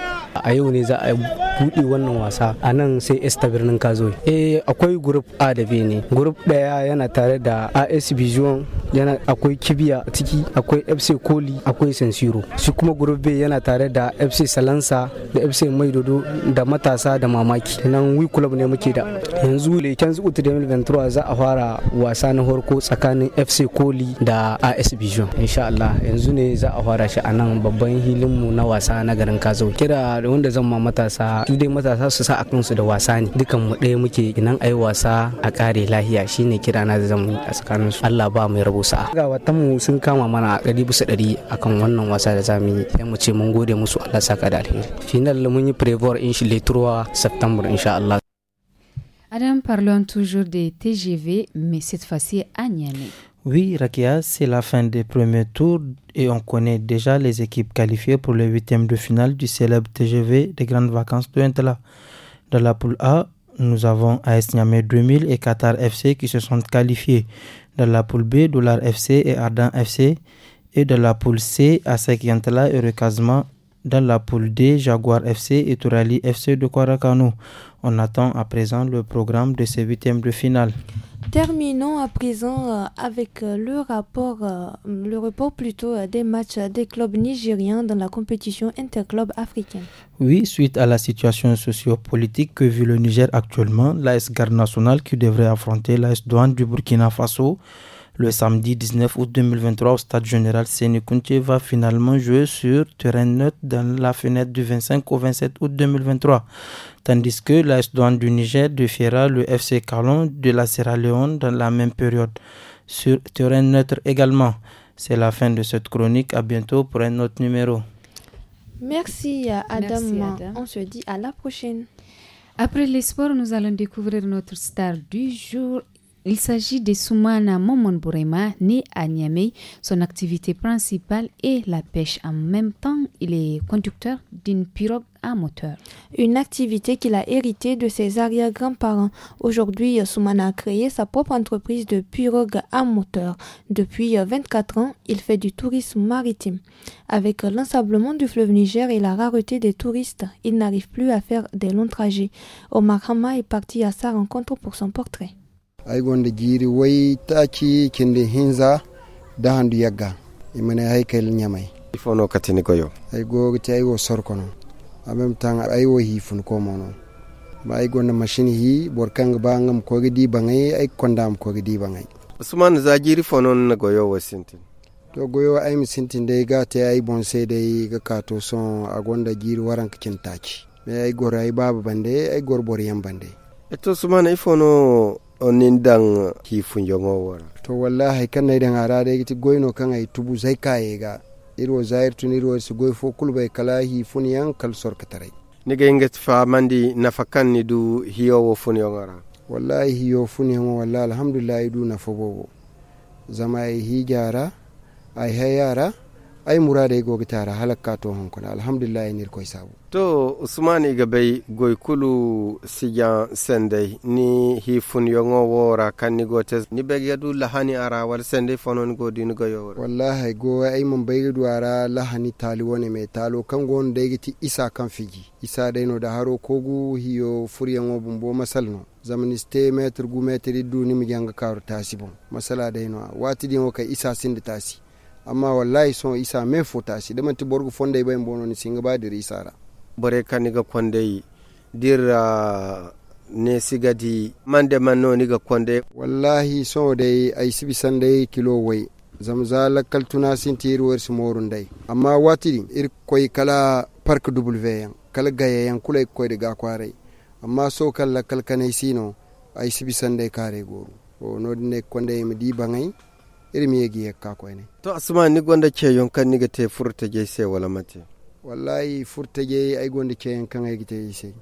a yau ne za a buɗe wannan wasa a nan sai esta birnin kazo eh akwai grup a da b ne grup ɗaya yana tare da as bijuwan yana akwai kibiya a ciki akwai fc koli akwai sansiro shi kuma grup b yana tare da fc salansa da fc maidodo da matasa da mamaki nan wi club ne muke da yanzu leken zuwa ventura za a fara wasa na horko tsakanin fc koli da as vision insha Allah yanzu ne za a fara shi a nan babban hilinmu na wasa na garin kazo, kira da wanda zan ma matasa su dai matasa su sa a kansu da wasa ne dukan mu ɗaya muke inan ayi wasa a kare lahiya shine kira na zan yi a tsakanin su Allah ba mai rabo sa'a ga watan mu sun kama mana ɗari bisa ɗari akan wannan wasa da zamu yi sai mu ce mun gode musu Allah saka da alheri final mun yi prevoir in shi leturwa September insha Allah Adam, parlons toujours des TGV, mais cette fois-ci à Oui, Rakia, c'est la fin des premiers tours et on connaît déjà les équipes qualifiées pour le huitième de finale du célèbre TGV des grandes vacances de Intela. Dans la poule A, nous avons AS Niamey 2000 et Qatar FC qui se sont qualifiés. Dans la poule B, Dollar FC et Ardan FC. Et dans la poule C, ASEC Yantela et Recasement. Dans la poule D, Jaguar FC et Tourali FC de Kwarakano. On attend à présent le programme de ces huitièmes de finale. Terminons à présent euh, avec euh, le rapport, euh, le report plutôt des matchs des clubs nigériens dans la compétition interclub africaine. Oui, suite à la situation sociopolitique que vit le Niger actuellement, l'AS Garde nationale qui devrait affronter l'AS Douane du Burkina Faso le samedi 19 août 2023 au stade général Sénécounté va finalement jouer sur terrain neutre dans la fenêtre du 25 au 27 août 2023 tandis que la douane du Niger défiera le FC Calon de la Sierra Leone dans la même période, sur terrain neutre également. C'est la fin de cette chronique. À bientôt pour un autre numéro. Merci Adam. On se dit à la prochaine. Après les sports, nous allons découvrir notre star du jour. Il s'agit de Soumana Momon né à Niamey. Son activité principale est la pêche. En même temps, il est conducteur d'une pirogue une activité qu'il a héritée de ses arrière-grands-parents. Aujourd'hui, Soumana a créé sa propre entreprise de pirogue à moteur. Depuis 24 euh, ans, il fait du tourisme maritime. Avec l'ensablement du fleuve Niger et la rareté des touristes, il n'arrive plus à faire des longs trajets. Omar Hama est parti à sa rencontre pour son portrait. abin ta temps ay wo hi fun ko mono ba ay gonna machine hi bor kang ba ngam ko gidi bangai ay kondam ko gidi bangai usman zagiri fonon na goyo wa sintin. to goyo ay mi sintin dai ga ta yi bon sai dai ga kato son a gonda jiri waran kicin taki me ay gor ay babu bande ay gor bor yam bande eto usman ay fono onin dan hi fun yongo wara to wallahi kan nay dan ara dai goyno kan ay tubu zai kaye ga iriwo zair tun iriwo sigoi fo kulbai kalahi funiyan kalsor katarai ga inga fa mandi nafakan ni du hiyo wo funiyo ngara wallahi hiyo funiyo mo wallahi alhamdulillah du nafo bobo zama ai hijara ay hayara ay murada ai gogitara halakka to honkona alhamdulillah nir koy sabu to usmani gabey goykulu sijan sendey ni hifun yongo wora kanni go tes ni begedu lahani ara wal sendey fonon go din wallahi go ay mun baygedu ara lahani tali woni me talo kan gon degiti isa kan fiji isa no da haro kogu hiyo furyango bo masalno zamani ste metr gu metri du ni mi janga karu tasi bon masala no wati din o kay isa sindi tasi amma wallahi son isa me fotasi de da man ti borgo fonde bay bono singa badiri isara bore kaniga kondeyi dirra ne sigadi mande manno niga konde wallahi so dai ay sibi sande kilo way zamza lakal tuna sintir wer morun dai amma watiri ir koy kala park w kala gaye yan kulay koy daga kwarai amma so kal lakkal kanai sino ay sibi sande kare goru o ne konde mi di bangay ir mi yegi yakka ne. to asman ni gonda ce yonkan niga te furta je se wala mate wallahi furtaje ay gonde ceyen kan ay gite ise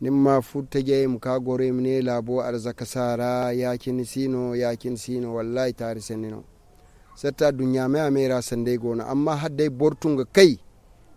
nimma furtaje mu ka gore mine labo arzaka sara yakin sino yakin sino wallahi tari senino satta dunya me amera sande gona amma haddai bortunga kai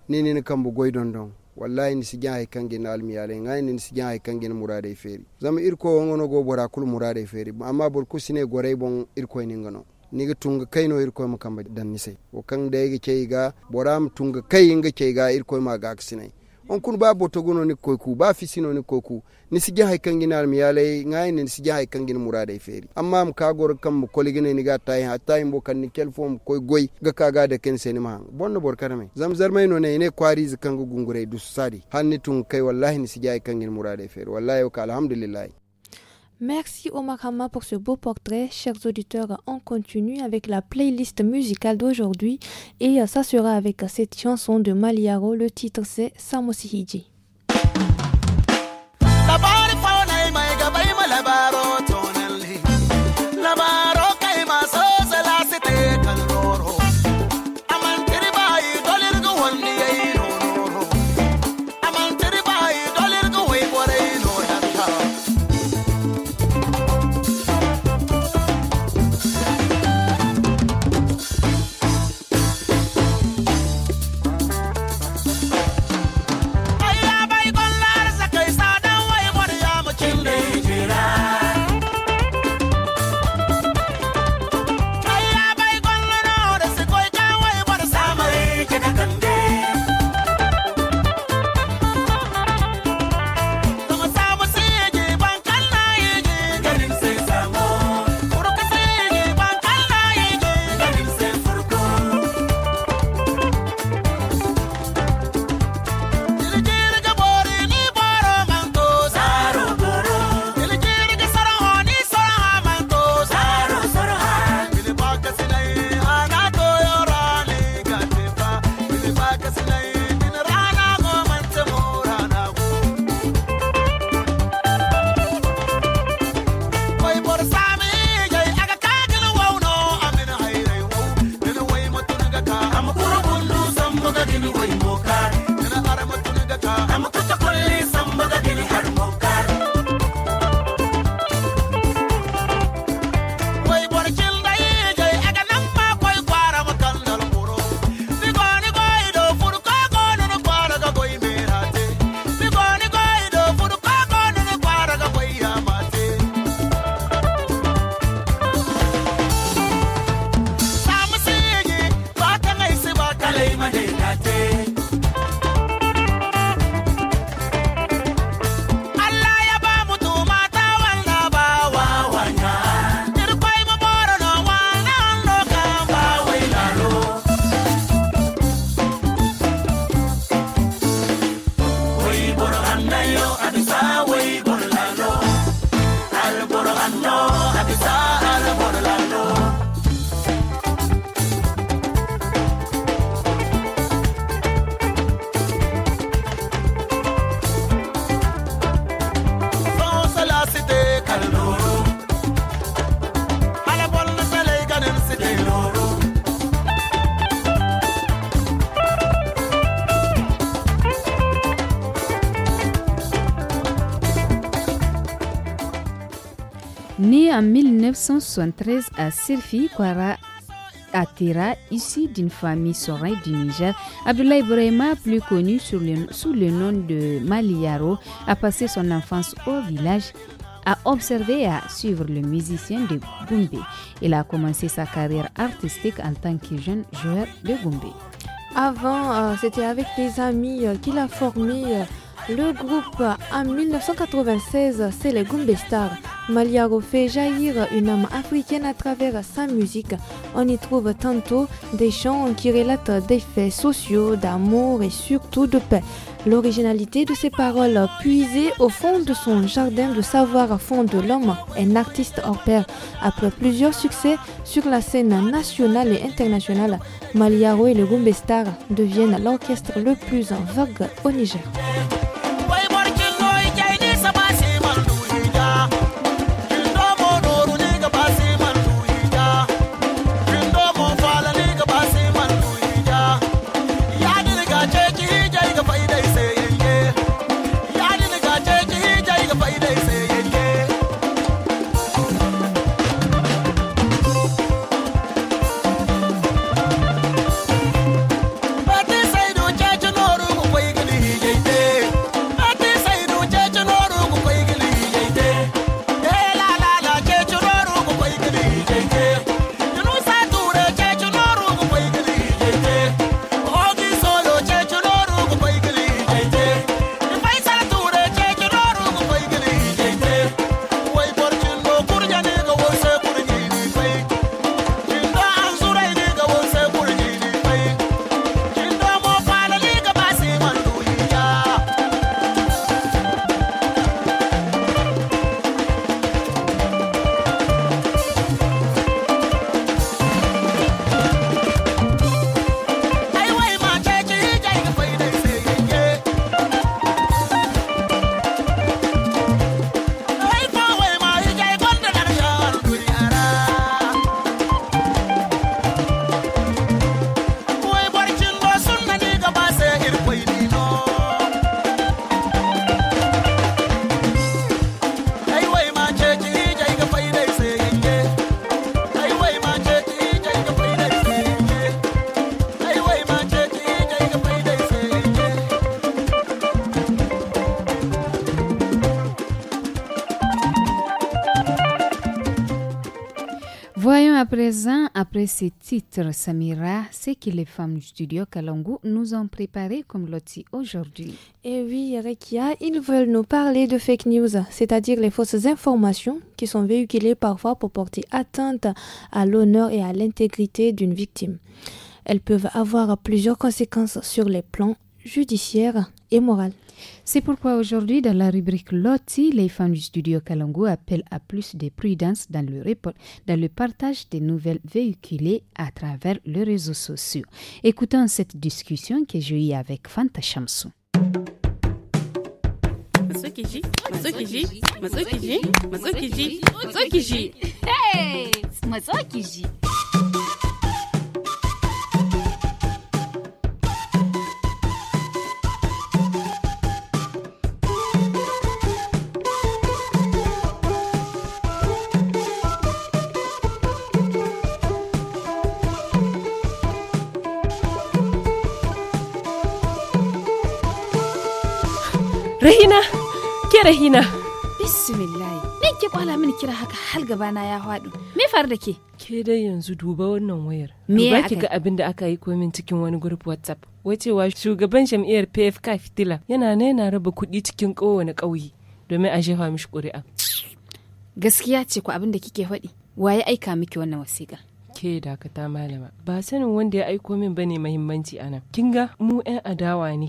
nini ni kambu goy don don wallahi ni sijan hay kangi na almi yale ngai ni sijan hay kangi murade feri zama irko wongono go bora kul murade feri amma bor kusine gore bon irko ni ngano niga tunga kai no irko ma kamba dan sai o kan da yake kai ga boram tunga kai inga kai ga irko ma ga aksinai on kun ba boto gono ni koku ba fisino ni koku ni si hay kan ginar mi yale ngai ni si hay kan gin murada e feri amma am ka gor kam mo kolige ni ga tay ha tay mo kan ni kel fom koy goy ga ka ga de ken sen ma bonno bor karame zam zarmai no ne ne kwari zikan gungure du sadi hanni tun kai wallahi ni si hay kan gin murada e feri wallahi ka alhamdulillah Merci Omarama pour ce beau portrait. Chers auditeurs, on continue avec la playlist musicale d'aujourd'hui et ça sera avec cette chanson de Maliaro. Le titre c'est Samosihiji. en 1973 à Sirfi, Kwara Atira, ici d'une famille soraï du Niger, Abdoulaye Brema, plus connu sous le, nom de Maliaro, a passé son enfance au village à observer et à suivre le musicien de Gumbé. Il a commencé sa carrière artistique en tant que jeune joueur de Gumbé. Avant, euh, c'était avec des amis euh, qu'il a formé euh, le groupe en 1996, c'est les Gumbé Stars. Maliaro fait jaillir une âme africaine à travers sa musique. On y trouve tantôt des chants qui relatent des faits sociaux, d'amour et surtout de paix. L'originalité de ses paroles, puisées au fond de son jardin de savoir fond de l'homme, un artiste hors pair. Après plusieurs succès sur la scène nationale et internationale, Maliaro et le Gumbestar deviennent l'orchestre le plus en vogue au Niger. Après ces titres, Samira, c'est que les femmes du studio Kalangu nous ont préparé comme loti aujourd'hui. Et eh oui, Rekia, ils veulent nous parler de fake news, c'est-à-dire les fausses informations qui sont véhiculées parfois pour porter atteinte à l'honneur et à l'intégrité d'une victime. Elles peuvent avoir plusieurs conséquences sur les plans judiciaires et moral. C'est pourquoi aujourd'hui, dans la rubrique Loti, les fans du studio Kalongo appellent à plus de prudence dans le, dans le partage des nouvelles véhiculées à travers les réseaux sociaux. Écoutons cette discussion que j'ai eue avec Fanta Chamsou. Hey, Rahina, ke Rahina. Bismillah. Me ke kwala mini kira haka hal gabana ya haɗu. Me faru da ke? Ke dai yanzu duba wannan wayar. Me ya ki ga abin da aka yi komin cikin wani grup WhatsApp. Wacewa shugaban jam'iyyar PFK Fitila yana na raba kuɗi cikin kowane ƙauye domin a jefa mishi ƙuri'a. Gaskiya ce ku abin da kike faɗi. Waye aika miki wannan wasiƙa? ke dakata malama ba sanin wanda ya aiko min bane muhimmanci ana nan. kinga mu yan adawa ne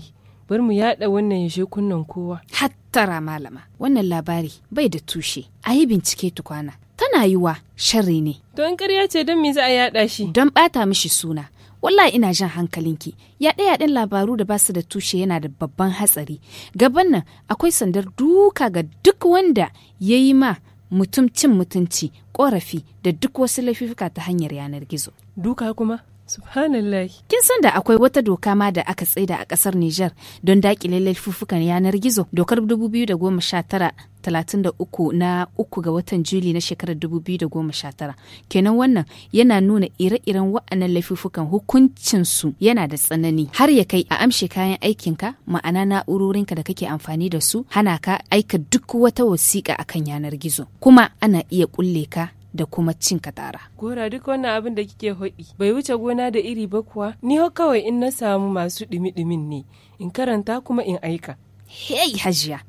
bari mu yada wannan yashe kunnan kowa. Hattara malama, wannan labari bai da tushe, a yi bincike tukwana. Tana yiwa sharri ne. Don ƙarya ce don me za a yada shi? Don ɓata mishi suna. Wallahi ina jan hankalinki, yaɗe yaɗen labaru da basu da tushe yana da babban hatsari. Gaban nan akwai sandar duka ga duk wanda ya yi ma mutum cin mutunci, ƙorafi da duk wasu laifuka ta hanyar yanar gizo. Duka kuma? Subhanallah. Kin san da akwai wata doka ma da aka tsaida a kasar Nijar don dakile laifuffukan yanar gizo dokar 2019-33 na uku ga watan Juli na shekarar 2019. Kenan wannan yana nuna ire-iren wa'annan laifuffukan hukuncinsu yana da tsanani har ya kai a amshe kayan aikinka ma'ana na'urorinka da kake amfani da su hana ka aika duk wata wasiƙa akan yanar gizo. Kuma ana iya ƙulle ka da kuma cin katara. Gora duk wannan abin da kike hoɗi bai wuce gona da iri ba kuwa ni kawai in na samu masu ɗimi ɗumin ne in karanta kuma in aika. Hei hajiya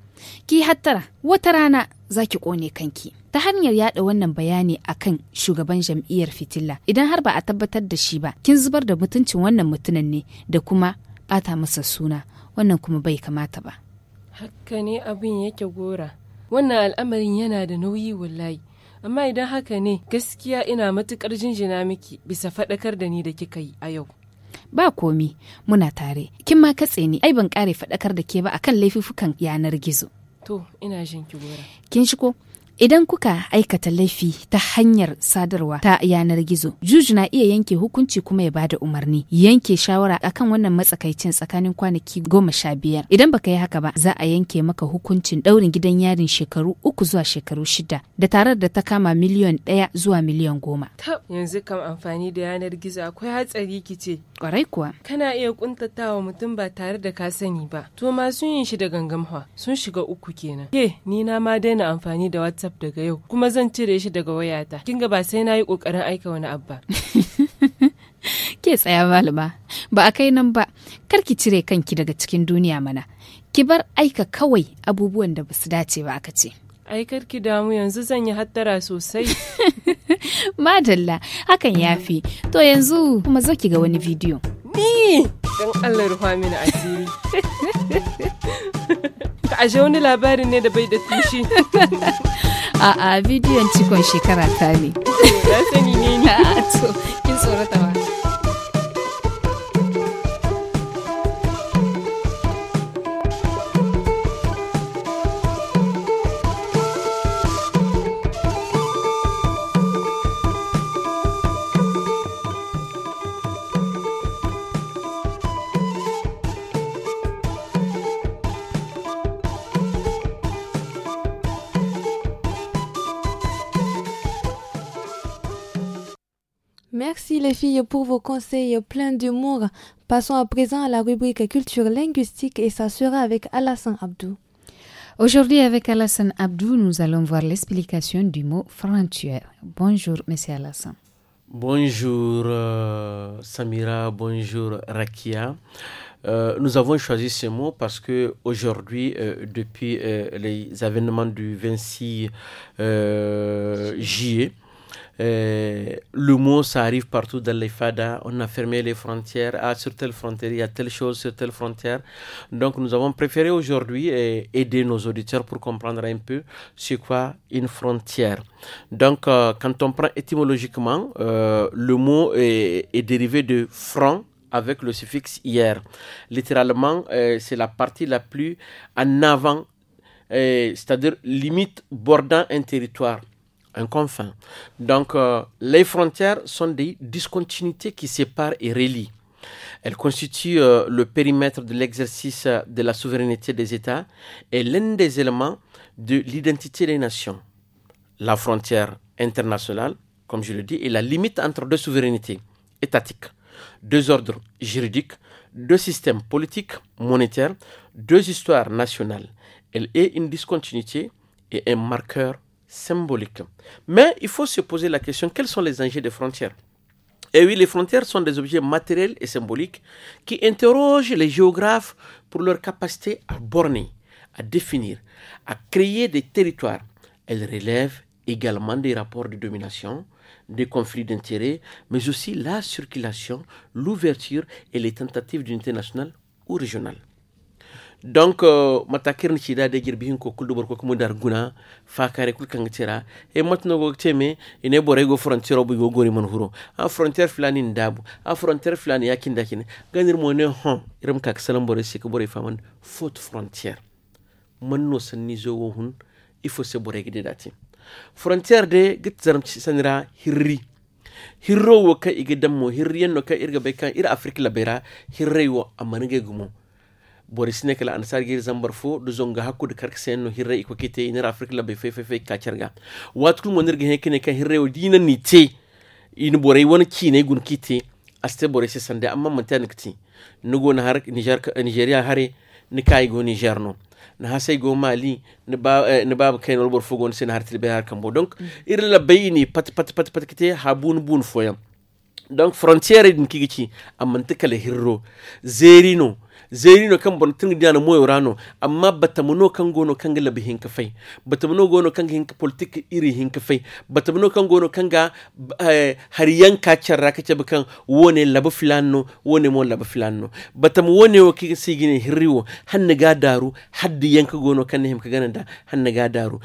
ki hattara wata rana za ki ƙone kanki. Ta hanyar yada wannan bayani akan shugaban jam'iyyar fitila idan har ba a tabbatar da shi ba kin zubar da mutuncin wannan mutumin ne da kuma bata masa suna wannan kuma bai kamata ba. Hakka ne abin yake gora. Wannan al'amarin yana da nauyi wallahi. amma idan haka ne gaskiya ina matukar jinjina miki bisa faɗakar da ni da kika yi a yau ba komi muna tare kin ma katse ni ai ban ƙare faɗakar da ke ba akan laifufukan yanar gizo to ina jin ki gora kin shigo Idan kuka aikata laifi ta hanyar sadarwa ta yanar gizo, juju na iya yanke hukunci kuma ya bada umarni, yanke shawara akan wannan matsakaicin tsakanin kwanaki goma sha biyar. Idan baka yi haka ba, za a yanke maka hukuncin ɗaurin gidan yarin shekaru uku zuwa shekaru shida da tarar da ta kama miliyon ɗaya zuwa miliyon goma. yanzu kam amfani da yanar gizo akwai hatsari kice. Kwarai kuwa. Kana iya kuntatawa mutum ba tare da ka sani ba. To sun yin shi da gangamwa sun shiga uku kenan. Ke ni na ma daina amfani da WhatsApp whatsapp daga yau kuma zan cire shi daga wayata kin ga ba sai na yi ƙoƙarin aika wani abu ba *laughs* ke tsaya malama ba a kai nan ba kar ki cire kanki daga cikin duniya mana ki bar aika kawai abubuwan da basu dace ba aka ce Aikar kar ki damu yanzu zan yi hattara sosai *laughs* madalla hakan yafi to yanzu kuma zo ki ga wani bidiyo ni don allah ruwa mini asiri *laughs* ka ashe wani labarin ne da bai da tushe A'a bidiyon cikon shekara ta ne. Na sani ne ni. A'a *laughs* ah, to, kin tsorata ba. Merci les filles pour vos conseils pleins d'humour. Passons à présent à la rubrique culture linguistique et ça sera avec Alassane Abdou. Aujourd'hui, avec Alassane Abdou, nous allons voir l'explication du mot frontière. Bonjour, monsieur Alassane. Bonjour euh, Samira, bonjour Rakia. Euh, nous avons choisi ce mot parce que aujourd'hui, euh, depuis les événements du 26 juillet, euh, le mot, ça arrive partout dans les On a fermé les frontières. Ah, sur telle frontière, il y a telle chose sur telle frontière. Donc, nous avons préféré aujourd'hui eh, aider nos auditeurs pour comprendre un peu ce quoi une frontière. Donc, euh, quand on prend étymologiquement, euh, le mot est, est dérivé de front avec le suffixe hier. Littéralement, c'est la partie la plus en avant, c'est-à-dire limite bordant un territoire un confin. Donc, euh, les frontières sont des discontinuités qui séparent et relient. Elles constituent euh, le périmètre de l'exercice de la souveraineté des États et l'un des éléments de l'identité des nations. La frontière internationale, comme je le dis, est la limite entre deux souverainetés étatiques, deux ordres juridiques, deux systèmes politiques, monétaires, deux histoires nationales. Elle est une discontinuité et un marqueur symbolique. Mais il faut se poser la question, quels sont les enjeux des frontières et eh oui, les frontières sont des objets matériels et symboliques qui interrogent les géographes pour leur capacité à borner, à définir, à créer des territoires. Elles relèvent également des rapports de domination, des conflits d'intérêts, mais aussi la circulation, l'ouverture et les tentatives d'unité nationale ou régionale. donc ma euh, matakir ni ci da degir bihin ko kuldu bor ko kuma dar guna fa kare kul kan tira e matno go teme ine bore go frontier bu go gori man huro a frontier flani ndabu a frontier flani yakin dakine ganir mo ne hon irim kak salam bore sik bore faman faute frontier man no san ni zo wo il faut se bore gidi dati frontier de git zaram ci sanira hirri hirro wo ka igidam mo hirri no ka irga be kan ir afrique la bera hirre wo amaniga gumo borisine kala ansar gir zambar fo du zonga hakkude sen no hirre iko kite inir afrique be fe fe fe wat watkul mo nirge hekene ka hirre o dina ni te in won wani ne gun kite aste borai se sande amma kiti nikti go na har niger nigeria hare ni kai go niger no na hasay go mali ni ba eh, ni ba kai no bor fogon sen har tribe har kambo donc ir la ni pat pat pat pat kite habun bun yam donc frontiere din ci amma ntikale hirro zerino Zerino kan bon moyo rano amma batamuno kan gono kan ga hinka batamuno gono kan hinka politik iri hinka fai batamuno kan gono kanga ga eh, har yanka charra wone labu filanno wone mo labu filanno batam wone o ki sigine hirriwo daru haddi yanka gono kan ka gananda daru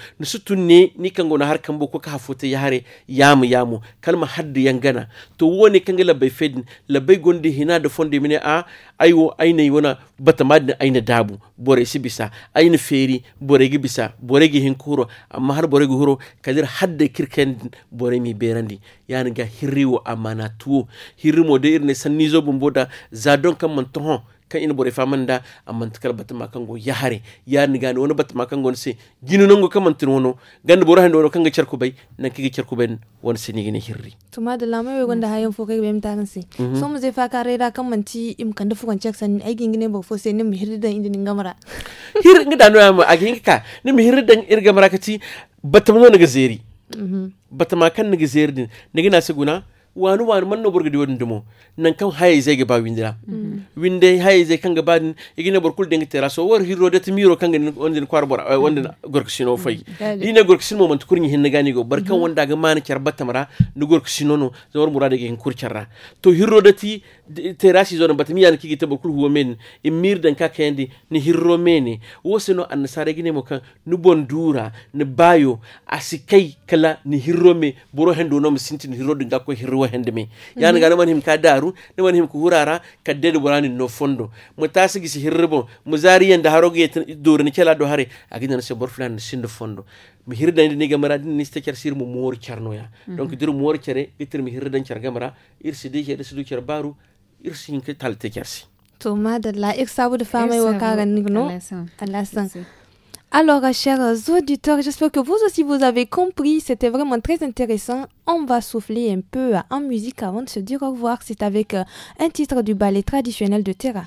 ni kan na har kan ko ka yare yamu yamu kalma haddi yangana to wone kan ga la fedin labai hina da fondi mine a aiwo aine yona bata madin aina dabu bore si bisa aina feri gi bisa gi hinkuro amma har gi huro kadir hadde kirken bore mi berandi yani ga hirriwo amana tuwo hirrimo de irne sanizo bumboda zadon kam man tohon kan ina bore faman da amman tikal batma kango ya hare ya ni gani wani batma kango se ginu nango kaman tin wono ganda bore hando kanga charku bai nan kige charku bai wani se ni gine hirri tuma da lama we gonda hayan fo kai bem tan se mhm. so mu zai fa kare da kan manti im kan da fukan check san ai gine ba fo sai ni mu hirri da inda ni gamara hir ngi da no am a gine ka ni mu hirri da irgamara kati batma no ni gazeri mhm. batma kan ni gazeri ni gina se guna wanu wani man no borgo di wodin dumo nan kan haye zai ga ba windira mm. winde haye zai kan ga igina borkul denga tera so war hiro da timiro kan ga wondin kwar bor eh, wondin gorksino mm. fay ina gorksino mo man tukurni hin gani go barka mm-hmm. wanda ga man kyar batamara ni gorksino no zawar murade ge kurcharra to hiro da ti terasi zona bata miyan kigi tabo kul huwa men imirdan e ka kendi ni hirro mene wosino annasare gine mo kan ni bayo asikai kala ni hirro me boro hendo no sinti ni hirro dinga ko hirro hendo me yani mhm. ga man him ka ni man him kuhurara hurara ka no fondo mo tasi gisi bon mo zari yanda haroge ni kela do agina se bor fulan sindo fondo mi hirdandi ni gamara din ni stekar sir mo mor charnoya mhm. donc dir mor chere itir mi hirdan char gamara irsi sidi chere sidu char baru Alors, chers auditeurs, j'espère que vous aussi vous avez compris. C'était vraiment très intéressant. On va souffler un peu en musique avant de se dire au revoir. C'est avec euh, un titre du ballet traditionnel de Terra.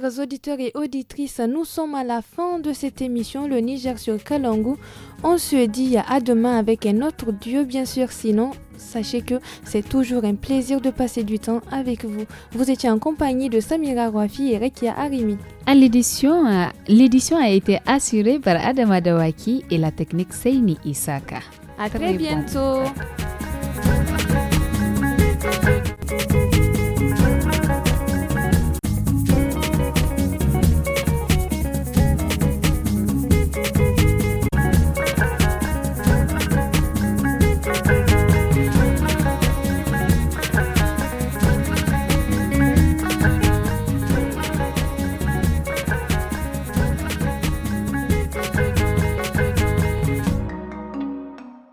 chers auditeurs et auditrices, nous sommes à la fin de cette émission, le Niger sur Kalangu. On se dit à demain avec un autre Dieu, bien sûr. Sinon, sachez que c'est toujours un plaisir de passer du temps avec vous. Vous étiez en compagnie de Samira Rafi et Rekia Arimi. À l'édition, euh, l'édition a été assurée par Adama Dawaki et la technique Seini Isaka. À très, bientôt.